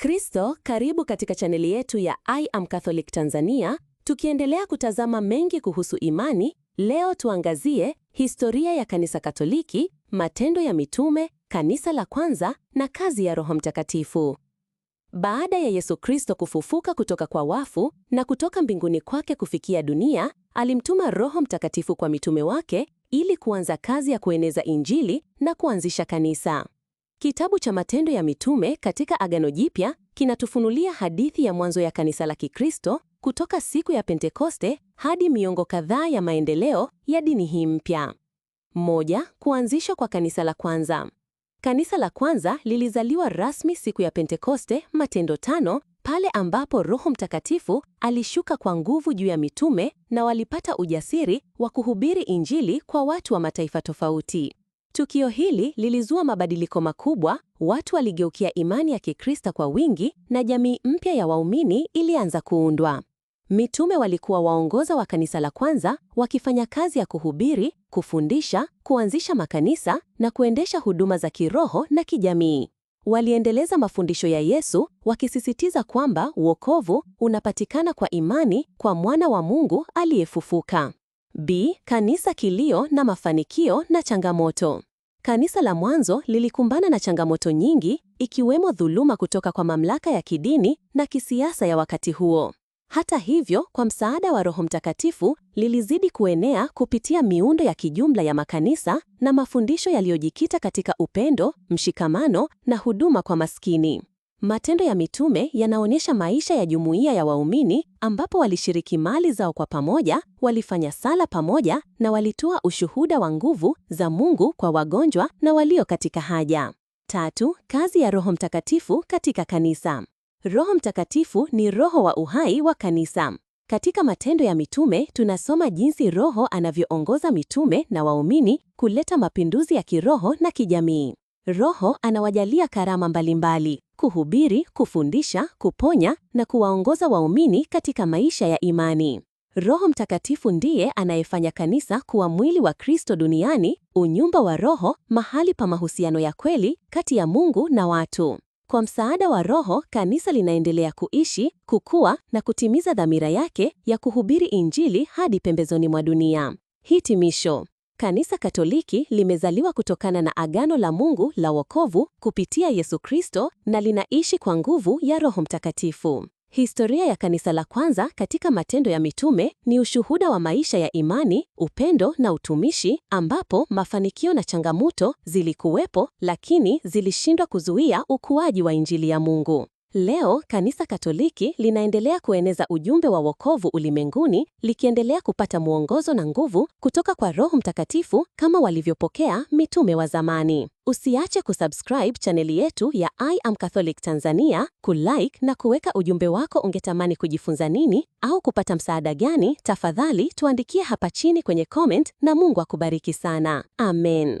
Kristo, karibu katika chaneli yetu ya I am Catholic Tanzania, tukiendelea kutazama mengi kuhusu imani. Leo tuangazie historia ya kanisa Katoliki, matendo ya mitume, kanisa la kwanza na kazi ya Roho Mtakatifu. Baada ya Yesu Kristo kufufuka kutoka kwa wafu na kutoka mbinguni kwake kufikia dunia, alimtuma Roho Mtakatifu kwa mitume wake ili kuanza kazi ya kueneza Injili na kuanzisha kanisa. Kitabu cha Matendo ya Mitume katika Agano Jipya kinatufunulia hadithi ya mwanzo ya kanisa la Kikristo kutoka siku ya Pentekoste hadi miongo kadhaa ya maendeleo ya dini hii mpya. Moja, kuanzishwa kwa kanisa la kwanza. Kanisa la kwanza lilizaliwa rasmi siku ya Pentekoste, Matendo tano, pale ambapo Roho Mtakatifu alishuka kwa nguvu juu ya mitume na walipata ujasiri wa kuhubiri Injili kwa watu wa mataifa tofauti. Tukio hili lilizua mabadiliko makubwa, watu waligeukia imani ya Kikristo kwa wingi na jamii mpya ya waumini ilianza kuundwa. Mitume walikuwa waongoza wa kanisa la kwanza, wakifanya kazi ya kuhubiri, kufundisha, kuanzisha makanisa na kuendesha huduma za kiroho na kijamii. Waliendeleza mafundisho ya Yesu wakisisitiza kwamba wokovu unapatikana kwa imani kwa mwana wa Mungu aliyefufuka. B. Kanisa kilio na mafanikio na changamoto. Kanisa la mwanzo lilikumbana na changamoto nyingi ikiwemo dhuluma kutoka kwa mamlaka ya kidini na kisiasa ya wakati huo. Hata hivyo, kwa msaada wa Roho Mtakatifu, lilizidi kuenea kupitia miundo ya kijumla ya makanisa na mafundisho yaliyojikita katika upendo, mshikamano na huduma kwa maskini. Matendo ya Mitume yanaonyesha maisha ya jumuiya ya waumini ambapo walishiriki mali zao kwa pamoja, walifanya sala pamoja na walitoa ushuhuda wa nguvu za Mungu kwa wagonjwa na walio katika haja. Tatu, kazi ya Roho Mtakatifu katika kanisa. Roho Mtakatifu ni roho wa uhai wa kanisa. Katika Matendo ya Mitume tunasoma jinsi Roho anavyoongoza mitume na waumini kuleta mapinduzi ya kiroho na kijamii. Roho anawajalia karama mbalimbali: kuhubiri, kufundisha, kuponya na kuwaongoza waumini katika maisha ya imani. Roho Mtakatifu ndiye anayefanya kanisa kuwa mwili wa Kristo duniani, unyumba wa Roho, mahali pa mahusiano ya kweli kati ya Mungu na watu. Kwa msaada wa Roho, kanisa linaendelea kuishi, kukua na kutimiza dhamira yake ya kuhubiri Injili hadi pembezoni mwa dunia. Hitimisho. Kanisa Katoliki limezaliwa kutokana na agano la Mungu la wokovu kupitia Yesu Kristo na linaishi kwa nguvu ya Roho Mtakatifu. Historia ya kanisa la kwanza katika Matendo ya Mitume ni ushuhuda wa maisha ya imani, upendo na utumishi, ambapo mafanikio na changamoto zilikuwepo, lakini zilishindwa kuzuia ukuaji wa Injili ya Mungu. Leo Kanisa Katoliki linaendelea kueneza ujumbe wa wokovu ulimwenguni, likiendelea kupata mwongozo na nguvu kutoka kwa Roho Mtakatifu kama walivyopokea mitume wa zamani. Usiache kusubscribe chaneli yetu ya I Am Catholic Tanzania, kulike na kuweka ujumbe wako. Ungetamani kujifunza nini au kupata msaada gani? Tafadhali tuandikie hapa chini kwenye comment, na Mungu akubariki sana. Amen.